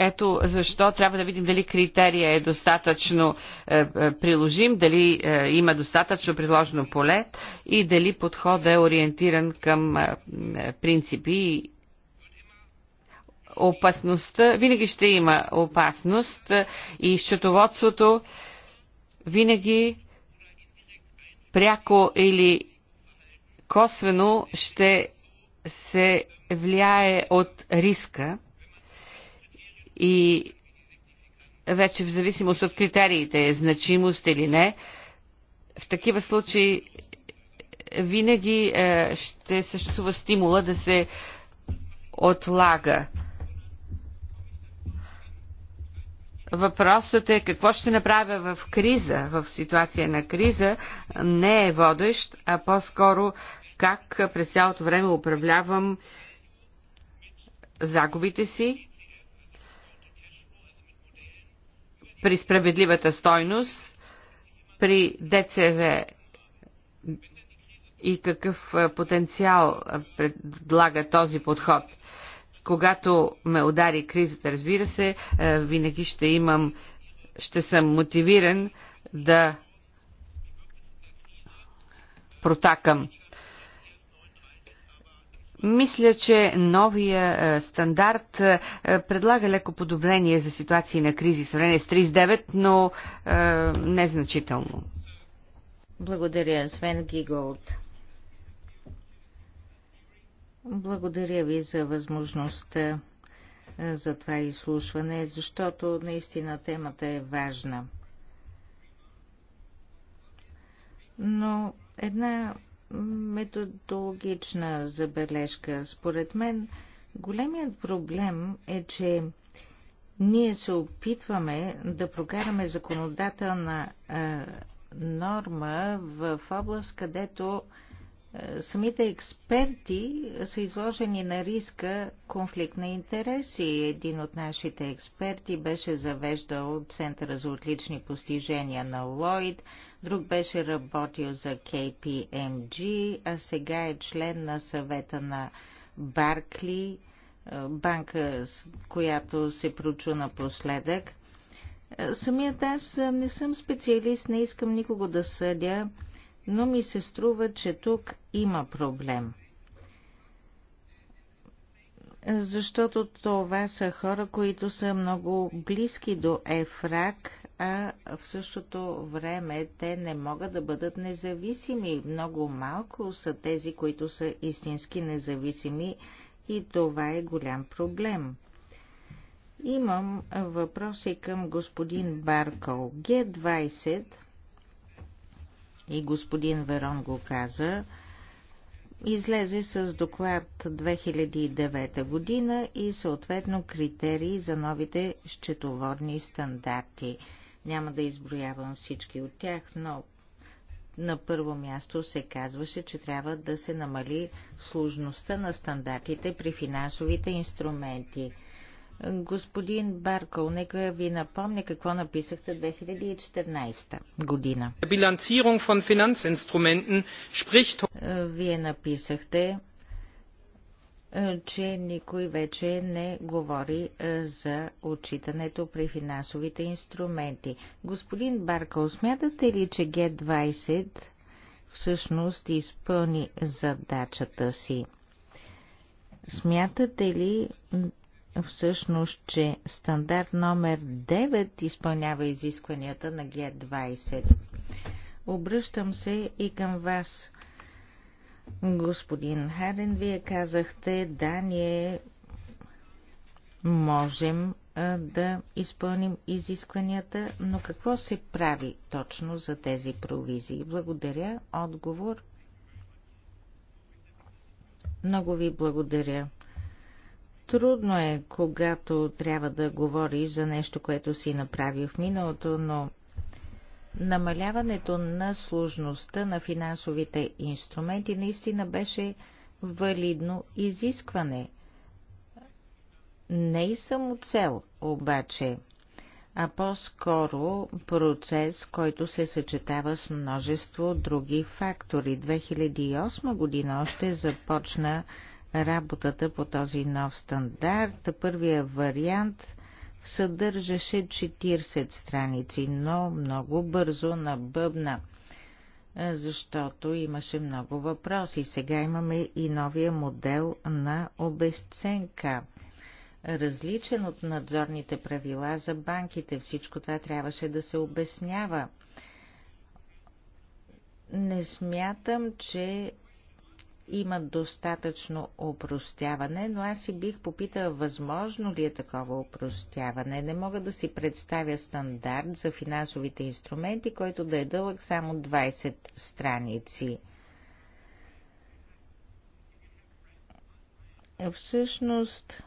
Ето защо трябва да видим дали критерия е достатъчно е, е, приложим, дали е, има достатъчно приложено поле и дали подходът е ориентиран към принципи опасността, винаги ще има опасност и счетоводството винаги пряко или косвено ще се влияе от риска и вече в зависимост от критериите, значимост или не, в такива случаи винаги е, ще съществува стимула да се отлага. Въпросът е какво ще направя в криза, в ситуация на криза, не е водещ, а по-скоро как през цялото време управлявам загубите си при справедливата стойност, при ДЦВ и какъв потенциал предлага този подход. Когато ме удари кризата, разбира се, винаги ще имам, ще съм мотивиран да протакам. Мисля, че новия е, стандарт е, предлага леко подобрение за ситуации на кризи, сравнение с 39, но е, незначително. Благодаря, Свен Гиголд. Благодаря ви за възможността е, за това изслушване, защото наистина темата е важна. Но една методологична забележка. Според мен, големият проблем е, че ние се опитваме да прокараме законодателна е, норма в област, където е, самите експерти са изложени на риска конфликт на интереси. Един от нашите експерти беше завеждал Центъра за отлични постижения на Лойд. Друг беше работил за KPMG, а сега е член на съвета на Баркли, е, банка, която се прочу напоследък. Е, самият аз не съм специалист, не искам никого да съдя, но ми се струва, че тук има проблем защото това са хора, които са много близки до Ефрак, а в същото време те не могат да бъдат независими. Много малко са тези, които са истински независими и това е голям проблем. Имам въпроси към господин Баркъл. Г20 и господин Верон го каза, излезе с доклад 2009 година и съответно критерии за новите счетоводни стандарти. Няма да изброявам всички от тях, но на първо място се казваше, че трябва да се намали сложността на стандартите при финансовите инструменти – Господин Баркол, нека ви напомня какво написахте 2014 година. Е, вие написахте, е, че никой вече не говори е, за отчитането при финансовите инструменти. Господин Баркол, смятате ли, че Г20 всъщност изпълни задачата си? Смятате ли, всъщност, че стандарт номер 9 изпълнява изискванията на Г20. Обръщам се и към вас, господин Харен. Вие казахте, да, ние можем да изпълним изискванията, но какво се прави точно за тези провизии? Благодаря. Отговор. Много ви благодаря. Трудно е, когато трябва да говориш за нещо, което си направи в миналото, но намаляването на сложността на финансовите инструменти наистина беше валидно изискване. Не и само цел, обаче, а по-скоро процес, който се съчетава с множество други фактори. 2008 година още започна работата по този нов стандарт. Първия вариант съдържаше 40 страници, но много бързо набъбна, защото имаше много въпроси. Сега имаме и новия модел на обесценка различен от надзорните правила за банките. Всичко това трябваше да се обяснява. Не смятам, че има достатъчно опростяване, но аз си бих попитала, възможно ли е такова опростяване. Не мога да си представя стандарт за финансовите инструменти, който да е дълъг само 20 страници. Всъщност,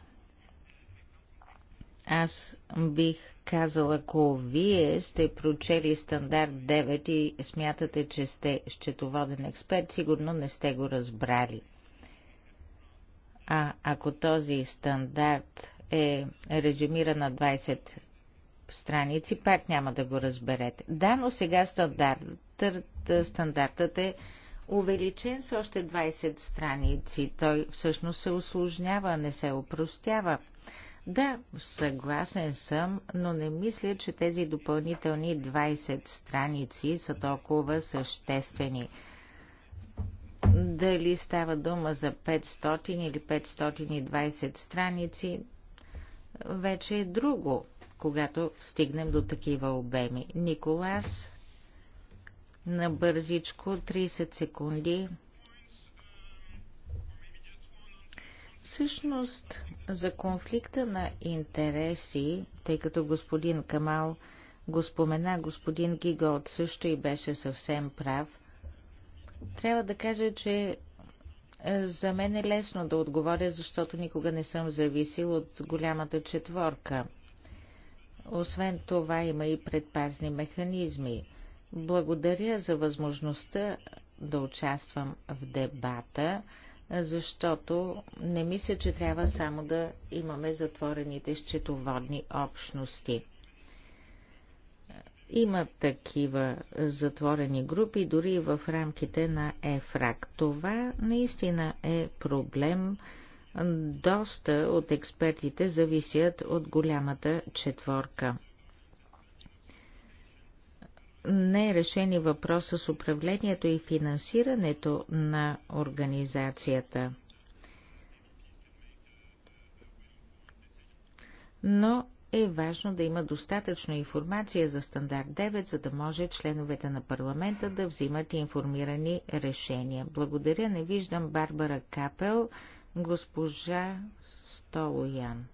аз бих казал, ако вие сте прочели стандарт 9 и смятате, че сте счетоводен експерт, сигурно не сте го разбрали. А ако този стандарт е резюмиран на 20 страници, пак няма да го разберете. Да, но сега стандартът, стандартът е увеличен с още 20 страници. Той всъщност се осложнява, не се опростява. Да, съгласен съм, но не мисля, че тези допълнителни 20 страници са толкова съществени. Дали става дума за 500 или 520 страници, вече е друго, когато стигнем до такива обеми. Николас, на бързичко, 30 секунди. Всъщност, за конфликта на интереси, тъй като господин Камал го спомена, господин Гигот също и беше съвсем прав, трябва да кажа, че за мен е лесно да отговоря, защото никога не съм зависил от голямата четворка. Освен това има и предпазни механизми. Благодаря за възможността да участвам в дебата защото не мисля, че трябва само да имаме затворените счетоводни общности. Има такива затворени групи, дори в рамките на ЕФРАК. Това наистина е проблем. Доста от експертите зависят от голямата четворка не е решен и с управлението и финансирането на организацията. Но е важно да има достатъчно информация за стандарт 9, за да може членовете на парламента да взимат информирани решения. Благодаря, не виждам Барбара Капел, госпожа Столоян.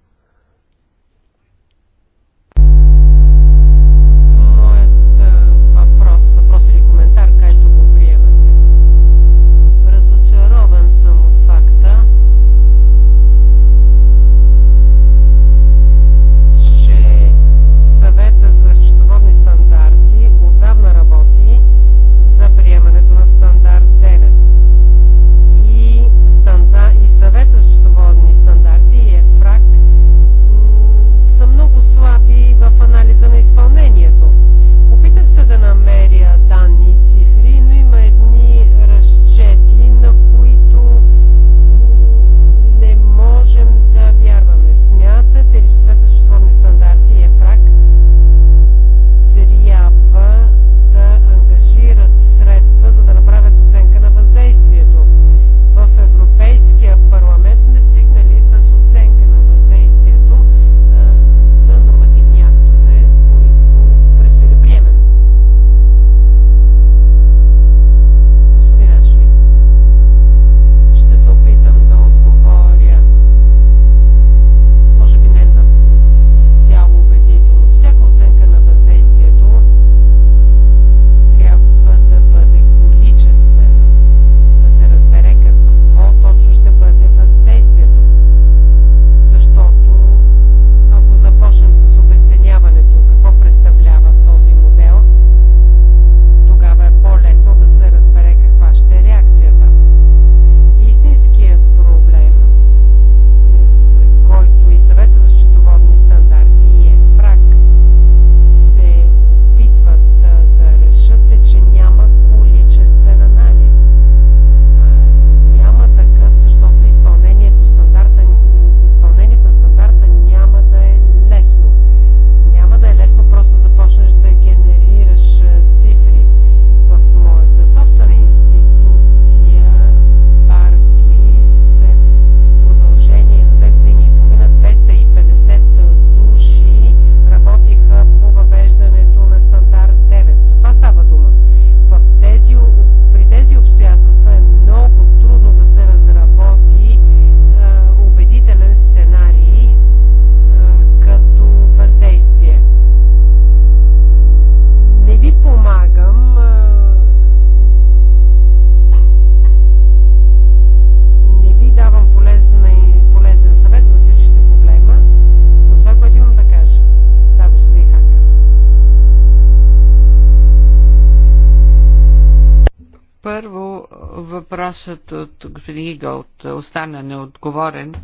въпросът от господин Игълт е, остана неотговорен,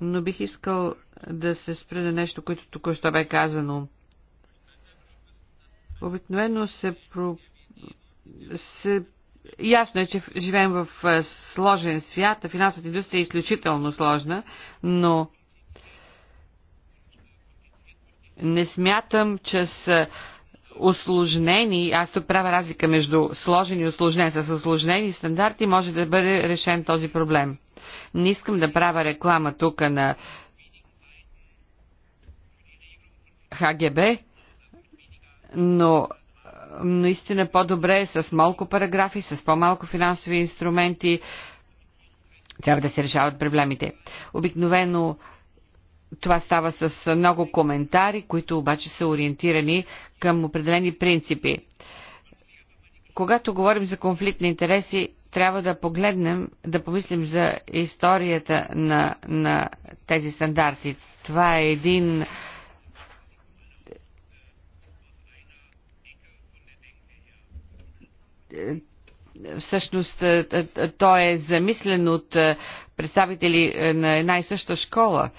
но бих искал да се спра на нещо, което току-що бе казано. Обикновено се, про... се Ясно е, че живеем в е, сложен свят, а финансовата индустрия е изключително сложна, но не смятам, че с осложнени, аз тук правя разлика между сложен и осложнени, с осложнени стандарти може да бъде решен този проблем. Не искам да правя реклама тук на ХГБ, но наистина по-добре е с малко параграфи, с по-малко финансови инструменти. Трябва да се решават проблемите. Обикновено това става с много коментари, които обаче са ориентирани към определени принципи. Когато говорим за конфликт на интереси, трябва да погледнем, да помислим за историята на, на тези стандарти. Това е един всъщност то е замислен от представители на една и съща школа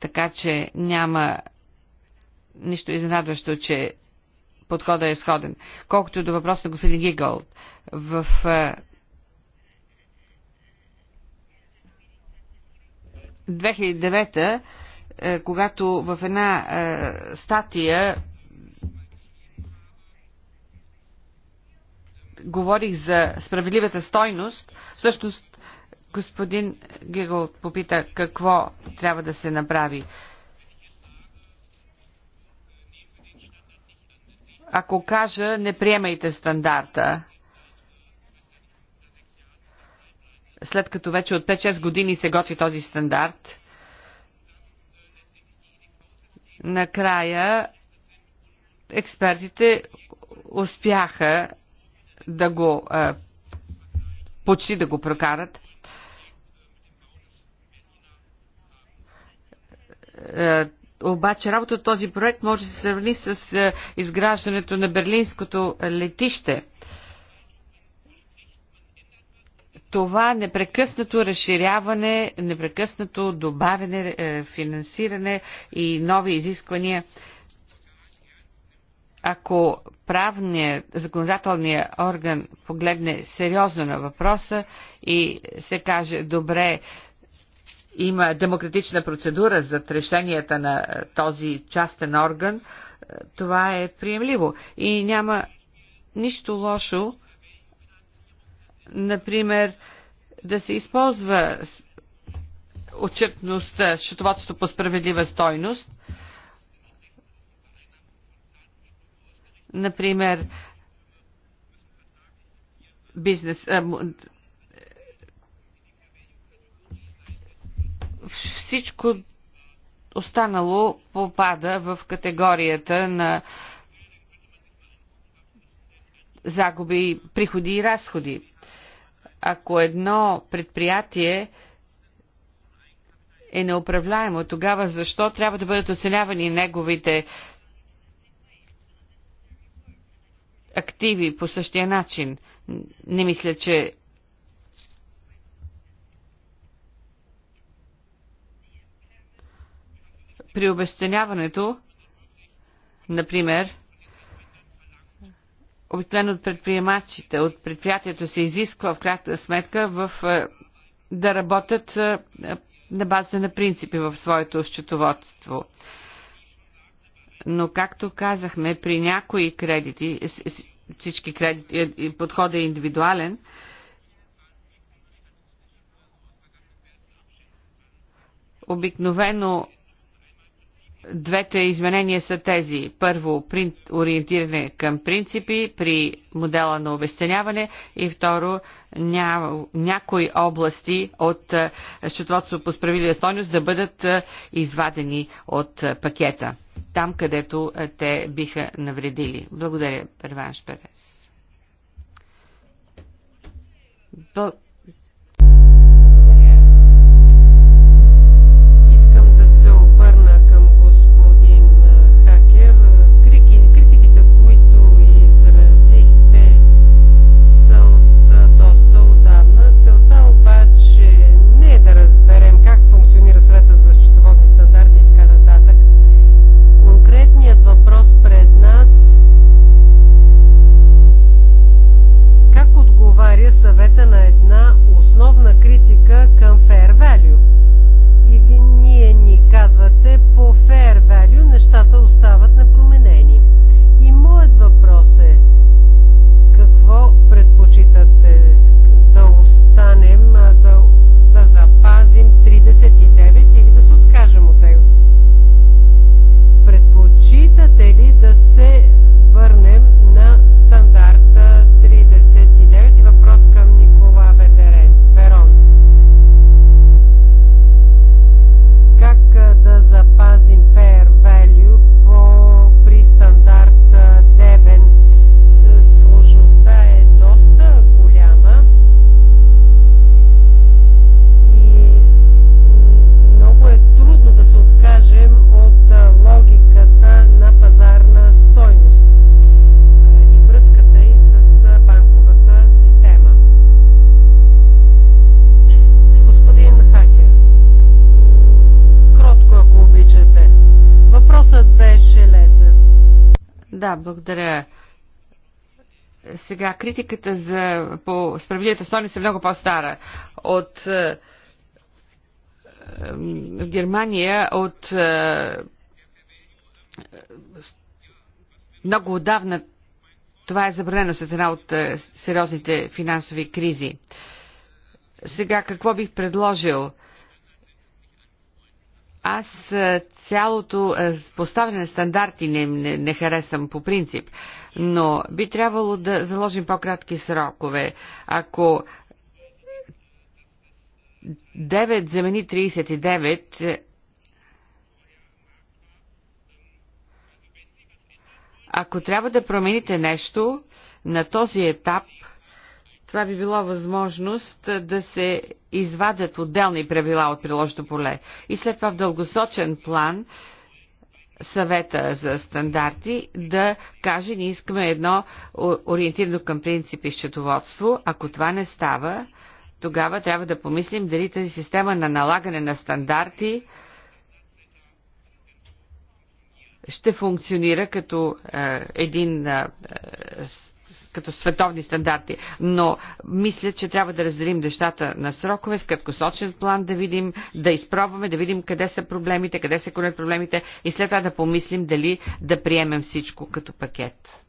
така че няма нищо изненадващо, че подходът е сходен. Колкото до въпроса на господин Гигъл, в е, 2009 е, когато в една е, статия говорих за справедливата стойност, всъщност Господин Гигол попита какво трябва да се направи. Ако кажа, не приемайте стандарта, след като вече от 5-6 години се готви този стандарт, накрая експертите успяха да го почти да го прокарат. Е, обаче работа от този проект може да се сравни с е, изграждането на берлинското летище. Това непрекъснато разширяване, непрекъснато добавяне, е, финансиране и нови изисквания ако правният, законодателният орган погледне сериозно на въпроса и се каже, добре, има демократична процедура за решенията на този частен орган, това е приемливо. И няма нищо лошо, например, да се използва отчетността, счетоводството по справедлива стойност. Например, бизнес, всичко останало попада в категорията на загуби, приходи и разходи. Ако едно предприятие е неуправляемо, тогава защо трябва да бъдат оценявани неговите активи по същия начин? Не мисля, че при обещаняването, например, обикновено от предприемачите, от предприятието се изисква в крайна сметка в, е, да работят е, на базата на принципи в своето счетоводство. Но, както казахме, при някои кредити, всички кредити, е, подходът е индивидуален, обикновено Двете изменения са тези. Първо, ориентиране към принципи при модела на обесценяване и второ, ня, някои области от счетоводство по справедлива стойност да бъдат извадени от пакета, там където те биха навредили. Благодаря, Перванш Перес. Благодаря. Сега, критиката за, по справедливите стойности е много по-стара. От е, е Германия от е, е, много отдавна това е забранено след една от е, сериозните финансови кризи. Сега какво бих предложил? Аз е, цялото е, поставяне на стандарти не, не, не харесвам по принцип, но би трябвало да заложим по-кратки срокове. Ако 9 замени 39 е, Ако трябва да промените нещо, на този етап – това би било възможност да се извадят отделни правила от приложното поле. И след това в дългосочен план съвета за стандарти да каже, ние искаме едно ориентирано към принципи счетоводство. Ако това не става, тогава трябва да помислим дали тази система на налагане на стандарти ще функционира като е, един е, е като световни стандарти. Но мисля, че трябва да разделим нещата на срокове, в краткосрочен план да видим, да изпробваме, да видим къде са проблемите, къде се конят проблемите и след това да помислим дали да приемем всичко като пакет.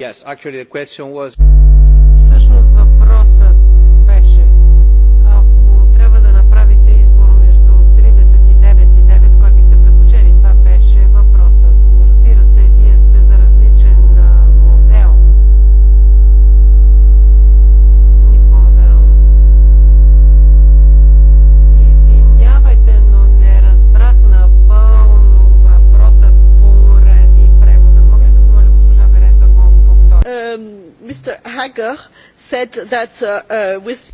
Yes, actually the question was... Всъщност въпрос mr haggard said that with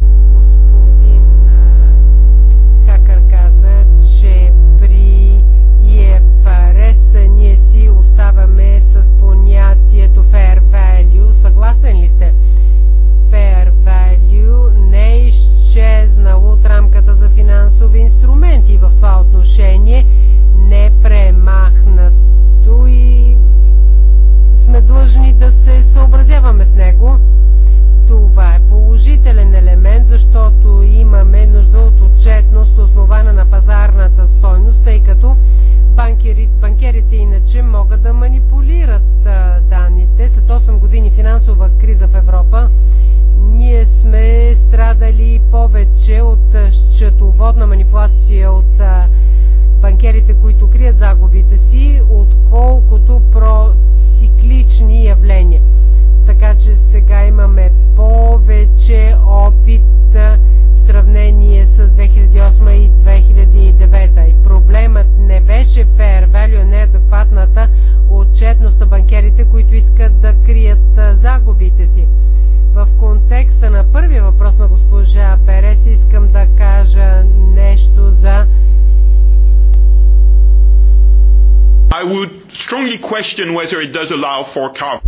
question whether it does allow for carbon.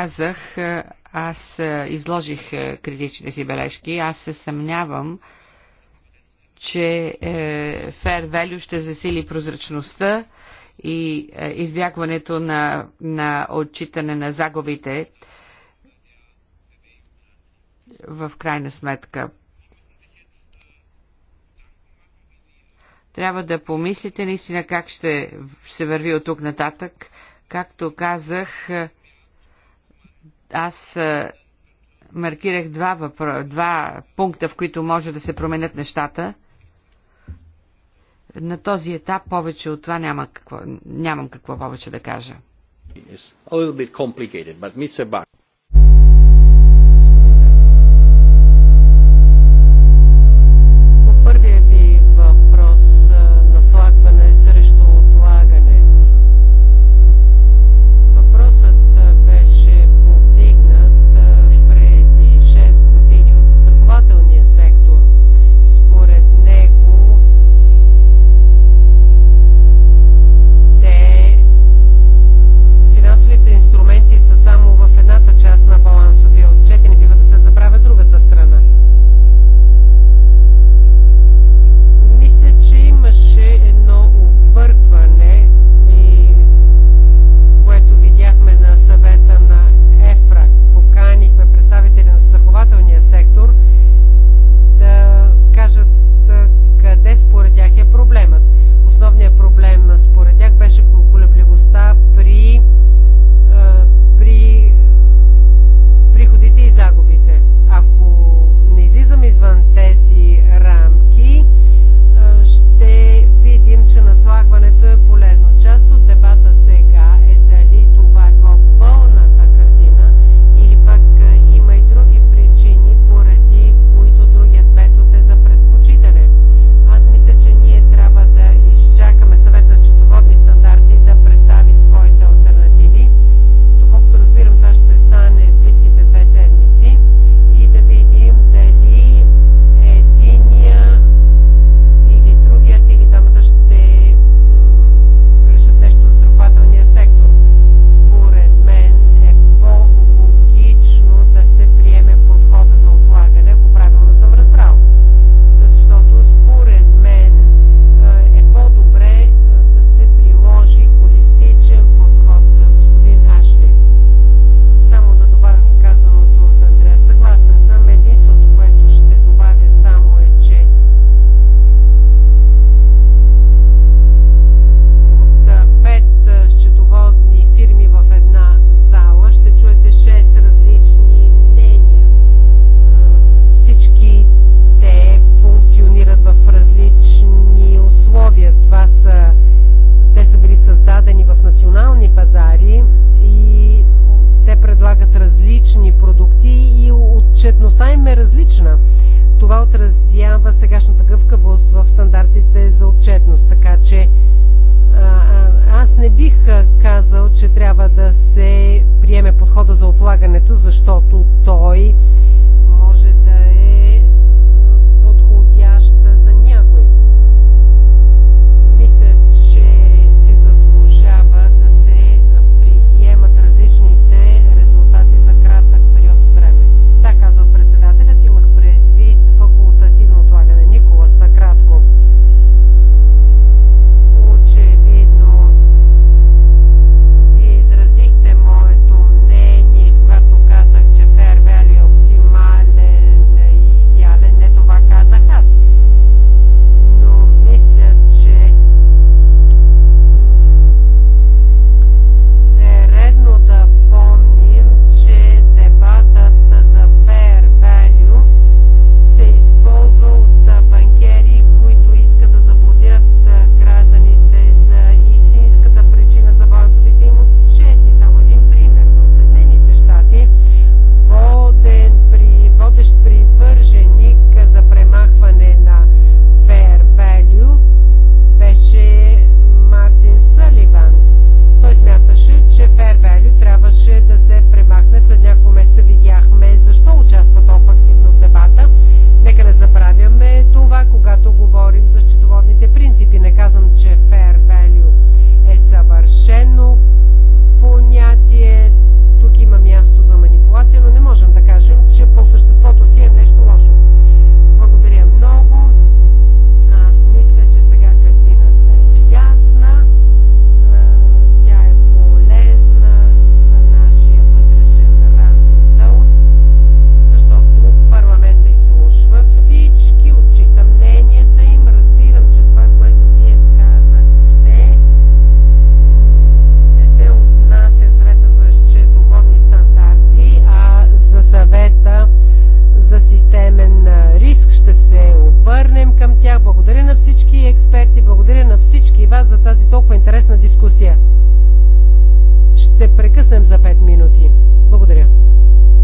казах, е, аз е, изложих е, критичните си бележки. Аз се съмнявам, че Fair Value ще засили прозрачността и избягването на, на отчитане на загубите в крайна сметка. Трябва да помислите наистина как ще се върви от тук нататък. Както казах, аз маркирах два, въпро... два пункта, в които може да се променят нещата. На този етап повече от това няма какво, нямам какво повече да кажа.